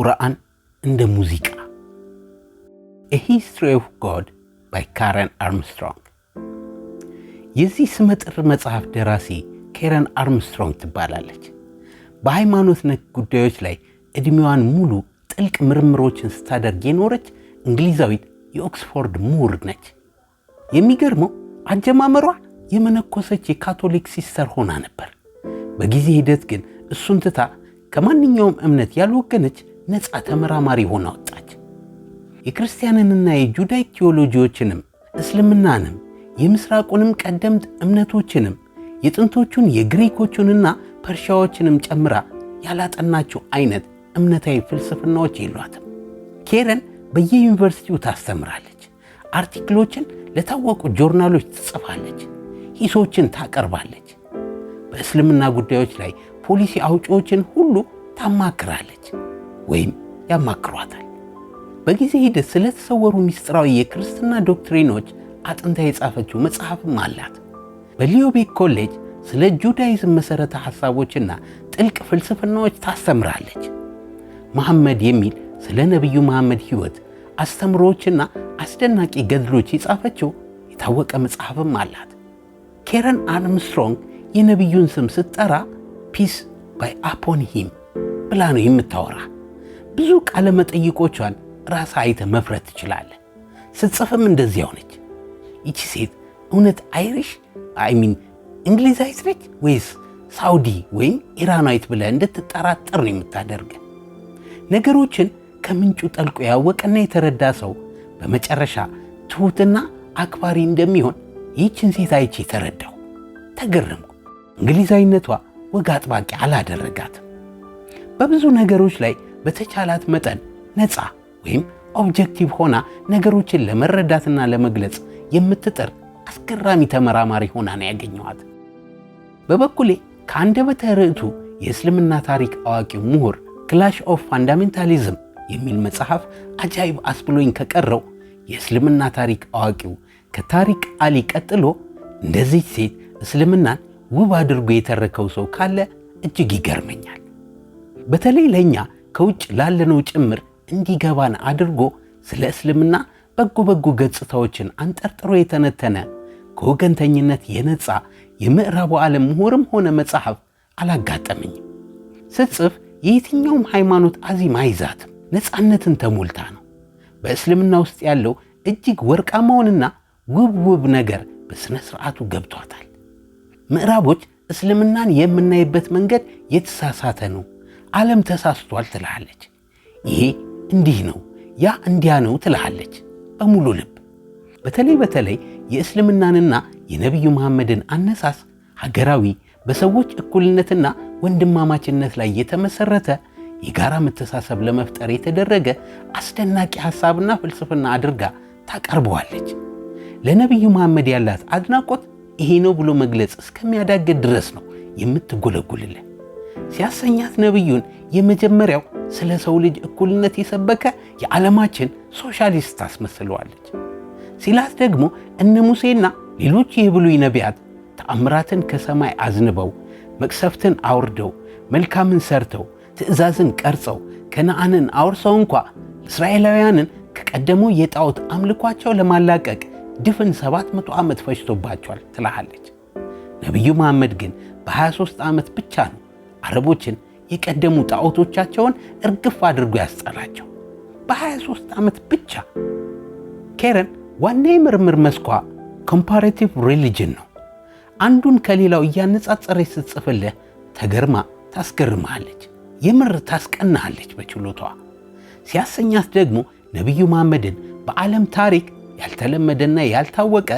ቁርአን እንደ ሙዚቃ ሂስትሪ ኦፍ ጎድ ባይ ካረን አርምስትሮንግ። የዚህ ስመጥር መጽሐፍ ደራሲ ኬረን አርምስትሮንግ ትባላለች። በሃይማኖት ነክ ጉዳዮች ላይ ዕድሜዋን ሙሉ ጥልቅ ምርምሮችን ስታደርግ የኖረች እንግሊዛዊት የኦክስፎርድ ምሁር ነች። የሚገርመው አጀማመሯ የመነኮሰች የካቶሊክ ሲስተር ሆና ነበር። በጊዜ ሂደት ግን እሱን ትታ ከማንኛውም እምነት ያልወገነች ነፃ ተመራማሪ ሆና ወጣች። የክርስቲያንንና የጁዳይክ ቴዎሎጂዎችንም እስልምናንም የምስራቁንም ቀደምት እምነቶችንም የጥንቶቹን የግሪኮቹንና ፐርሻዎችንም ጨምራ ያላጠናችው አይነት እምነታዊ ፍልስፍናዎች የሏትም። ኬረን በየዩኒቨርሲቲው ታስተምራለች። አርቲክሎችን ለታወቁ ጆርናሎች ትጽፋለች። ሂሶችን ታቀርባለች። በእስልምና ጉዳዮች ላይ ፖሊሲ አውጪዎችን ሁሉ ታማክራለች። ወይም ያማክሯታል። በጊዜ ሂደት ስለተሰወሩ ሚስጥራዊ የክርስትና ዶክትሪኖች አጥንታ የጻፈችው መጽሐፍም አላት። በሊዮቤክ ኮሌጅ ስለ ጁዳይዝም መሠረተ ሐሳቦችና ጥልቅ ፍልስፍናዎች ታስተምራለች። መሐመድ የሚል ስለ ነቢዩ መሐመድ ሕይወት አስተምሮዎችና አስደናቂ ገድሎች የጻፈችው የታወቀ መጽሐፍም አላት። ኬረን አርምስትሮንግ የነቢዩን ስም ስትጠራ ፒስ ባይ አፖን ሂም ብላ ነው የምታወራ። ብዙ ቃለመጠይቆቿን ራስ አይተ መፍረት ትችላለህ። ስትጽፍም እንደዚህ ሆነች ይቺ ሴት እውነት አይሪሽ አይሚን እንግሊዛዊት ነች ወይስ ሳውዲ ወይም ኢራናዊት ብለህ እንድትጠራጠር ነው የምታደርገ። ነገሮችን ከምንጩ ጠልቆ ያወቀና የተረዳ ሰው በመጨረሻ ትሑትና አክባሪ እንደሚሆን ይህችን ሴት አይቼ ተረዳው ተገረምኩ። እንግሊዛዊነቷ ወግ አጥባቂ አላደረጋትም። በብዙ ነገሮች ላይ በተቻላት መጠን ነፃ ወይም ኦብጀክቲቭ ሆና ነገሮችን ለመረዳትና ለመግለጽ የምትጥር አስገራሚ ተመራማሪ ሆና ነው ያገኘኋት። በበኩሌ ከአንደበተ ርዕቱ የእስልምና ታሪክ አዋቂው ምሁር ክላሽ ኦፍ ፋንዳሜንታሊዝም የሚል መጽሐፍ አጃይብ አስብሎኝ ከቀረው የእስልምና ታሪክ አዋቂው ከታሪክ አሊ ቀጥሎ እንደዚህ ሴት እስልምናን ውብ አድርጎ የተረከው ሰው ካለ እጅግ ይገርመኛል። በተለይ ለእኛ ከውጭ ላለነው ጭምር እንዲገባን አድርጎ ስለ እስልምና በጎ በጎ ገጽታዎችን አንጠርጥሮ የተነተነ ከወገንተኝነት የነፃ የምዕራቡ ዓለም ምሁርም ሆነ መጽሐፍ አላጋጠመኝም። ስጽፍ የየትኛውም ሃይማኖት አዚም አይዛትም፣ ነፃነትን ተሞልታ ነው። በእስልምና ውስጥ ያለው እጅግ ወርቃማውንና ውብ ውብ ነገር በሥነ ሥርዓቱ ገብቷታል። ምዕራቦች እስልምናን የምናይበት መንገድ የተሳሳተ ነው ዓለም ተሳስቷል ትልሃለች። ይሄ እንዲህ ነው፣ ያ እንዲያ ነው ትልሃለች በሙሉ ልብ። በተለይ በተለይ የእስልምናንና የነቢዩ መሐመድን አነሳስ ሀገራዊ፣ በሰዎች እኩልነትና ወንድማማችነት ላይ የተመሰረተ የጋራ መተሳሰብ ለመፍጠር የተደረገ አስደናቂ ሐሳብና ፍልስፍና አድርጋ ታቀርበዋለች። ለነቢዩ መሐመድ ያላት አድናቆት ይሄ ነው ብሎ መግለጽ እስከሚያዳግድ ድረስ ነው የምትጎለጉልልን። ሲያሰኛት ነቢዩን የመጀመሪያው ስለ ሰው ልጅ እኩልነት የሰበከ የዓለማችን ሶሻሊስት ታስመስለዋለች ሲላት ደግሞ እነ ሙሴና ሌሎች የብሉይ ነቢያት ተአምራትን ከሰማይ አዝንበው መቅሰፍትን አውርደው መልካምን ሰርተው ትእዛዝን ቀርጸው ከነአንን አውርሰው እንኳ እስራኤላውያንን ከቀደመው የጣዖት አምልኳቸው ለማላቀቅ ድፍን 700 ዓመት ፈጅቶባቸዋል ትላሃለች። ነቢዩ መሐመድ ግን በ23 ዓመት ብቻ ነው አረቦችን የቀደሙ ጣዖቶቻቸውን እርግፍ አድርጎ ያስጠላቸው። በ23 ዓመት ብቻ ኬረን ዋና የምርምር መስኳ ኮምፓሬቲቭ ሪሊጅን ነው። አንዱን ከሌላው እያነጻጸረች ስትጽፍልህ ተገርማ ታስገርምሃለች። የምር ታስቀናሃለች በችሎታዋ። ሲያሰኛት ደግሞ ነቢዩ መሐመድን በዓለም ታሪክ ያልተለመደና ያልታወቀ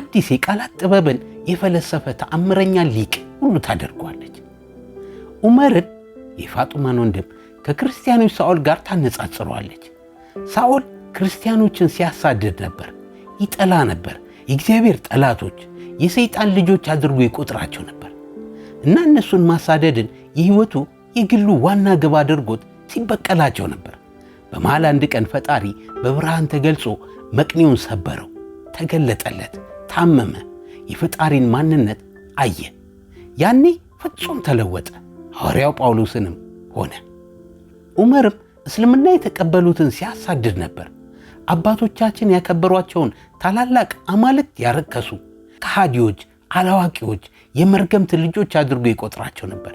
አዲስ የቃላት ጥበብን የፈለሰፈ ተአምረኛ ሊቅ ሁሉ ታደርጓለች። ዑመርን የፋጡማን ወንድም ከክርስቲያኖች ሳኦል ጋር ታነጻጽሯለች። ሳኦል ክርስቲያኖችን ሲያሳድድ ነበር፣ ይጠላ ነበር። የእግዚአብሔር ጠላቶች፣ የሰይጣን ልጆች አድርጎ ይቆጥራቸው ነበር እና እነሱን ማሳደድን የሕይወቱ የግሉ ዋና ግብ አድርጎት ሲበቀላቸው ነበር። በመሃል አንድ ቀን ፈጣሪ በብርሃን ተገልጾ መቅኔውን ሰበረው፣ ተገለጠለት፣ ታመመ፣ የፈጣሪን ማንነት አየ። ያኔ ፍጹም ተለወጠ። ሐዋርያው ጳውሎስንም ሆነ ዑመርም እስልምና የተቀበሉትን ሲያሳድድ ነበር። አባቶቻችን ያከበሯቸውን ታላላቅ አማልክት ያረከሱ ከሃዲዎች፣ አላዋቂዎች፣ የመርገምት ልጆች አድርጎ ይቆጥራቸው ነበር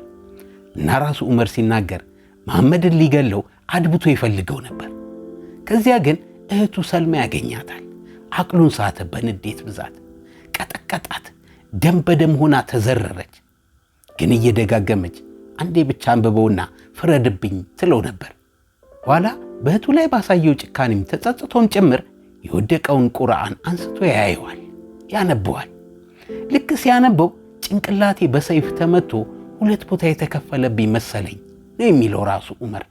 እና ራሱ ዑመር ሲናገር መሐመድን ሊገለው አድብቶ ይፈልገው ነበር። ከዚያ ግን እህቱ ሰልማ ያገኛታል። አቅሉን ሳተ። በንዴት ብዛት ቀጠቀጣት። ደም በደም ሆና ተዘረረች። ግን እየደጋገመች አንዴ ብቻ አንብበውና ፍረድብኝ ትለው ነበር። ኋላ በእህቱ ላይ ባሳየው ጭካኔም ተጸጽቶም ጭምር የወደቀውን ቁርአን አንስቶ ያየዋል፣ ያነበዋል። ልክ ሲያነበው ጭንቅላቴ በሰይፍ ተመቶ ሁለት ቦታ የተከፈለብኝ መሰለኝ ነው የሚለው ራሱ ዑመር።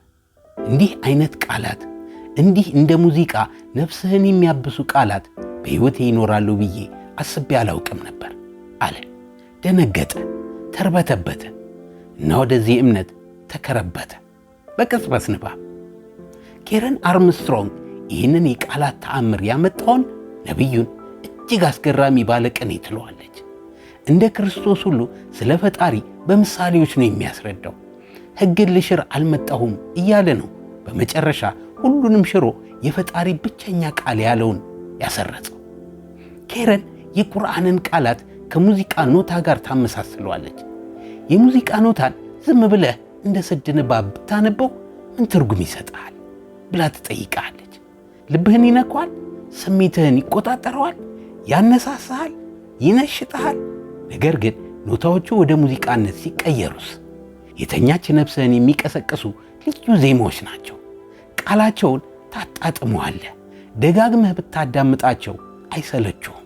እንዲህ አይነት ቃላት እንዲህ እንደ ሙዚቃ ነፍስህን የሚያብሱ ቃላት በሕይወቴ ይኖራሉ ብዬ አስቤ አላውቅም ነበር አለ። ደነገጠ፣ ተርበተበተ። እና ወደዚህ እምነት ተከረበተ። በቅጽበት ንባብ ኬረን አርምስትሮንግ ይህንን የቃላት ተአምር ያመጣውን ነቢዩን እጅግ አስገራሚ ባለ ቅኔ ትለዋለች። እንደ ክርስቶስ ሁሉ ስለ ፈጣሪ በምሳሌዎች ነው የሚያስረዳው። ሕግን ልሽር አልመጣሁም እያለ ነው። በመጨረሻ ሁሉንም ሽሮ የፈጣሪ ብቸኛ ቃል ያለውን ያሰረጸው። ኬረን የቁርአንን ቃላት ከሙዚቃ ኖታ ጋር ታመሳስለዋለች። የሙዚቃ ኖታን ዝም ብለህ እንደ ስድ ንባብ ብታነበው ምን ትርጉም ይሰጥሃል ብላ ትጠይቃለች። ልብህን ይነኳል፣ ስሜትህን ይቆጣጠረዋል፣ ያነሳሳሃል፣ ይነሽጠሃል? ነገር ግን ኖታዎቹ ወደ ሙዚቃነት ሲቀየሩስ የተኛች ነፍስህን የሚቀሰቅሱ ልዩ ዜማዎች ናቸው። ቃላቸውን ታጣጥመዋለህ። ደጋግመህ ብታዳምጣቸው አይሰለችሁም።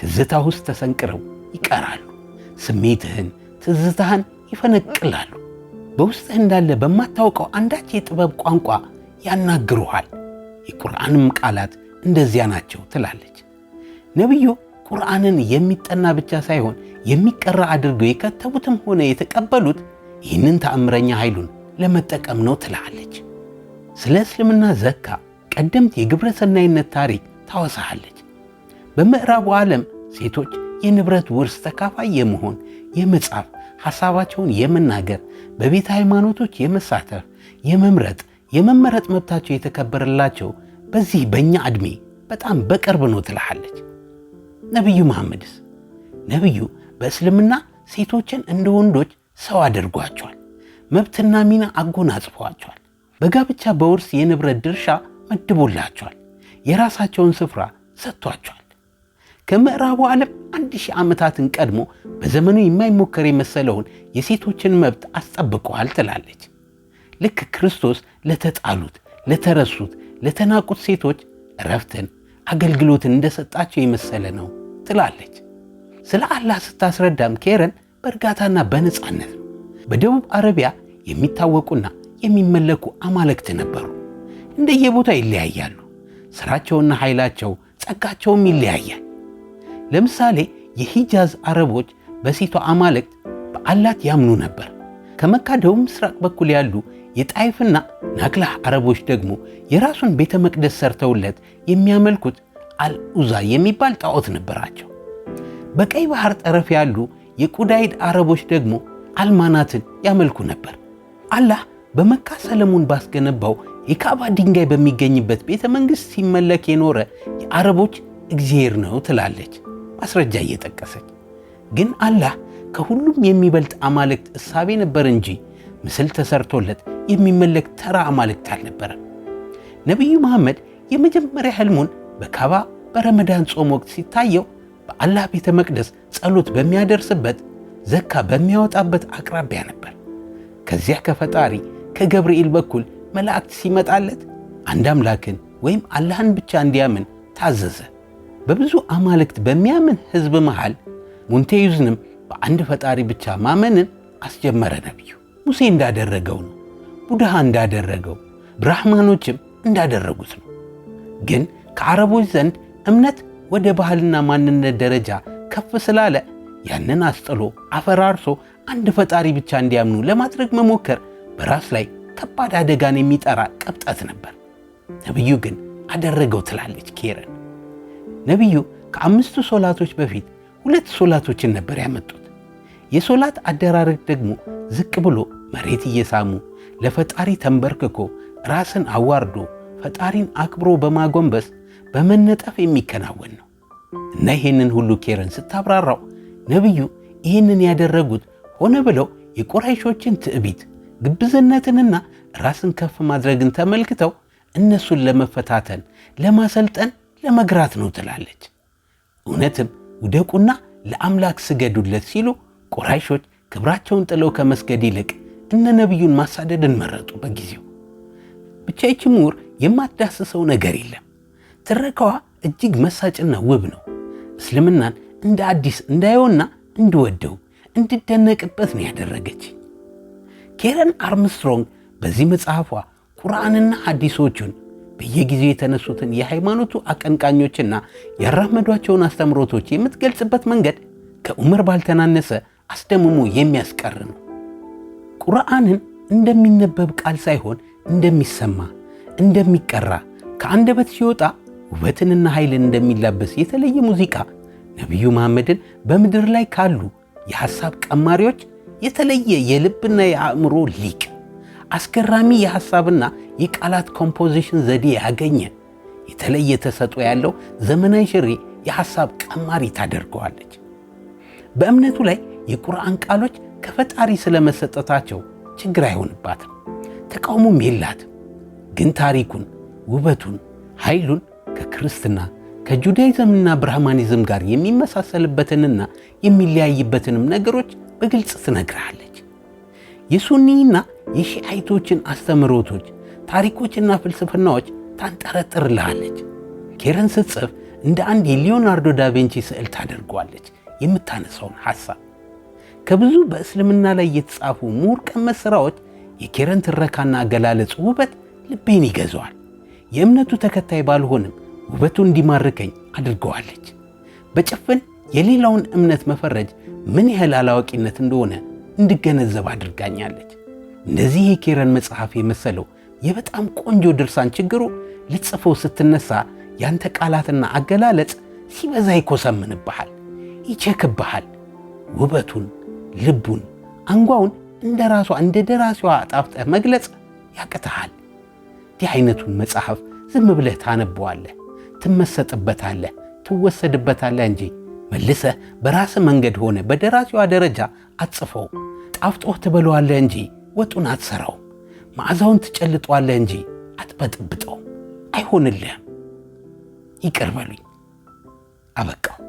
ትዝታ ውስጥ ተሰንቅረው ይቀራሉ። ስሜትህን ትዝታህን ይፈነቅላሉ። በውስጥህ እንዳለ በማታውቀው አንዳች የጥበብ ቋንቋ ያናግሩሃል። የቁርአንም ቃላት እንደዚያ ናቸው ትላለች። ነቢዩ ቁርአንን የሚጠና ብቻ ሳይሆን የሚቀራ አድርገው የከተቡትም ሆነ የተቀበሉት ይህንን ተአምረኛ ኃይሉን ለመጠቀም ነው ትላለች። ስለ እስልምና ዘካ ቀደምት የግብረ ሰናይነት ታሪክ ታወሳሃለች። በምዕራቡ ዓለም ሴቶች የንብረት ውርስ ተካፋይ የመሆን የመጻፍ ሐሳባቸውን የመናገር በቤተ ሃይማኖቶች የመሳተፍ የመምረጥ የመመረጥ መብታቸው የተከበረላቸው በዚህ በእኛ ዕድሜ በጣም በቅርብ ነው ትልሃለች። ነቢዩ መሐመድስ? ነቢዩ በእስልምና ሴቶችን እንደ ወንዶች ሰው አድርጓቸዋል። መብትና ሚና አጎናጽፏቸዋል። በጋብቻ በውርስ የንብረት ድርሻ መድቦላቸዋል። የራሳቸውን ስፍራ ሰጥቷቸዋል። ከምዕራቡ ዓለም አንድ ሺህ ዓመታትን ቀድሞ በዘመኑ የማይሞከር የመሰለውን የሴቶችን መብት አስጠብቀዋል ትላለች። ልክ ክርስቶስ ለተጣሉት፣ ለተረሱት፣ ለተናቁት ሴቶች እረፍትን፣ አገልግሎትን እንደሰጣቸው የመሰለ ነው ትላለች። ስለ አላህ ስታስረዳም ኬረን በእርጋታና በነፃነት ነው። በደቡብ አረቢያ የሚታወቁና የሚመለኩ አማልክት ነበሩ። እንደየቦታ ይለያያሉ። ስራቸውና ኃይላቸው፣ ጸጋቸውም ይለያያል። ለምሳሌ የሂጃዝ አረቦች በሴቷ አማልክት በአላት ያምኑ ነበር። ከመካ ደቡብ ምስራቅ በኩል ያሉ የጣይፍና ናክላህ አረቦች ደግሞ የራሱን ቤተ መቅደስ ሰርተውለት የሚያመልኩት አልኡዛ የሚባል ጣዖት ነበራቸው። በቀይ ባህር ጠረፍ ያሉ የቁዳይድ አረቦች ደግሞ አልማናትን ያመልኩ ነበር። አላህ በመካ ሰለሞን ባስገነባው የካዕባ ድንጋይ በሚገኝበት ቤተ መንግሥት ሲመለክ የኖረ የአረቦች እግዚአብሔር ነው ትላለች። ማስረጃ እየጠቀሰች ግን አላህ ከሁሉም የሚበልጥ አማልክት እሳቤ ነበር እንጂ ምስል ተሰርቶለት የሚመለክ ተራ አማልክት አልነበረም። ነቢዩ መሐመድ የመጀመሪያ ህልሙን በካባ በረመዳን ጾም ወቅት ሲታየው በአላህ ቤተ መቅደስ ጸሎት በሚያደርስበት ዘካ በሚያወጣበት አቅራቢያ ነበር። ከዚያ ከፈጣሪ ከገብርኤል በኩል መላእክት ሲመጣለት አንድ አምላክን ወይም አላህን ብቻ እንዲያምን ታዘዘ። በብዙ አማልክት በሚያምን ህዝብ መሃል ሙንቴዩዝንም በአንድ ፈጣሪ ብቻ ማመንን አስጀመረ። ነቢዩ ሙሴ እንዳደረገው ነው። ቡድሃ እንዳደረገው፣ ብራህማኖችም እንዳደረጉት ነው። ግን ከአረቦች ዘንድ እምነት ወደ ባህልና ማንነት ደረጃ ከፍ ስላለ ያንን አስጥሎ አፈራርሶ አንድ ፈጣሪ ብቻ እንዲያምኑ ለማድረግ መሞከር በራስ ላይ ከባድ አደጋን የሚጠራ ቀብጠት ነበር። ነቢዩ ግን አደረገው ትላለች ኬረን። ነቢዩ ከአምስቱ ሶላቶች በፊት ሁለት ሶላቶችን ነበር ያመጡት። የሶላት አደራረግ ደግሞ ዝቅ ብሎ መሬት እየሳሙ ለፈጣሪ ተንበርክኮ ራስን አዋርዶ ፈጣሪን አክብሮ በማጎንበስ በመነጠፍ የሚከናወን ነው እና ይህንን ሁሉ ኬረን ስታብራራው ነቢዩ ይህንን ያደረጉት ሆነ ብለው የቁረይሾችን ትዕቢት ግብዝነትንና ራስን ከፍ ማድረግን ተመልክተው እነሱን ለመፈታተን ለማሰልጠን ለመግራት ነው ትላለች። እውነትም ውደቁና ለአምላክ ስገዱለት ሲሉ ቆራይሾች ክብራቸውን ጥለው ከመስገድ ይልቅ እነ ነቢዩን ማሳደድን መረጡ። በጊዜው ብቻ ይቺ ምሁር የማትዳስሰው ነገር የለም። ትረካዋ እጅግ መሳጭና ውብ ነው። እስልምናን እንደ አዲስ እንዳየውና እንድወደው እንድደነቅበት ነው ያደረገች ኬረን አርምስትሮንግ በዚህ መጽሐፏ ቁርአንና ሐዲሶቹን በየጊዜው የተነሱትን የሃይማኖቱ አቀንቃኞችና ያራመዷቸውን አስተምሮቶች የምትገልጽበት መንገድ ከዑመር ባልተናነሰ አስደምሞ የሚያስቀር ነው። ቁርአንን እንደሚነበብ ቃል ሳይሆን እንደሚሰማ፣ እንደሚቀራ ከአንደበት ሲወጣ ውበትንና ኃይልን እንደሚላበስ የተለየ ሙዚቃ ነቢዩ መሐመድን በምድር ላይ ካሉ የሐሳብ ቀማሪዎች የተለየ የልብና የአእምሮ ሊቅ አስገራሚ የሐሳብና የቃላት ኮምፖዚሽን ዘዴ ያገኘ የተለየ ተሰጦ ያለው ዘመናዊ ሽሬ የሐሳብ ቀማሪ ታደርገዋለች። በእምነቱ ላይ የቁርአን ቃሎች ከፈጣሪ ስለመሰጠታቸው ችግር አይሆንባትም፣ ተቃውሞም የላትም። ግን ታሪኩን፣ ውበቱን፣ ኃይሉን ከክርስትና ከጁዳይዝምና ብርሃማኒዝም ጋር የሚመሳሰልበትንና የሚለያይበትንም ነገሮች በግልጽ ትነግርሃለች። የሱኒና የሺአይቶችን አስተምህሮቶች ታሪኮችና ፍልስፍናዎች ታንጠረጥርልሃለች። ኬረን ስትጽፍ እንደ አንድ የሊዮናርዶ ዳቬንቺ ስዕል ታደርገዋለች የምታነሳውን ሐሳብ። ከብዙ በእስልምና ላይ የተጻፉ ምሁር ቀመስ ሥራዎች የኬረን ትረካና አገላለጽ ውበት ልቤን ይገዘዋል የእምነቱ ተከታይ ባልሆንም ውበቱ እንዲማርከኝ አድርገዋለች። በጭፍን የሌላውን እምነት መፈረጅ ምን ያህል አላዋቂነት እንደሆነ እንድገነዘብ አድርጋኛለች። እንደዚህ የኬረን መጽሐፍ የመሰለው የበጣም ቆንጆ ድርሳን ችግሩ ልጽፈው ስትነሳ ያንተ ቃላትና አገላለጽ ሲበዛ ይኮሰምንብሃል፣ ይቸክብሃል። ውበቱን፣ ልቡን፣ አንጓውን እንደ ራሷ እንደ ደራሲዋ አጣፍጠህ መግለጽ ያቅትሃል። እንዲህ አይነቱን መጽሐፍ ዝም ብለህ ታነበዋለህ፣ ትመሰጥበታለህ፣ ትወሰድበታለህ እንጂ መልሰህ በራስ መንገድ ሆነ በደራሲዋ ደረጃ አትጽፈው። ጣፍጦህ ትበለዋለህ እንጂ ወጡን አትሰራው። መዓዛውን ትጨልጧለህ እንጂ አትበጥብጠው። አይሆንልህም። ይቅር በሉኝ። አበቃው።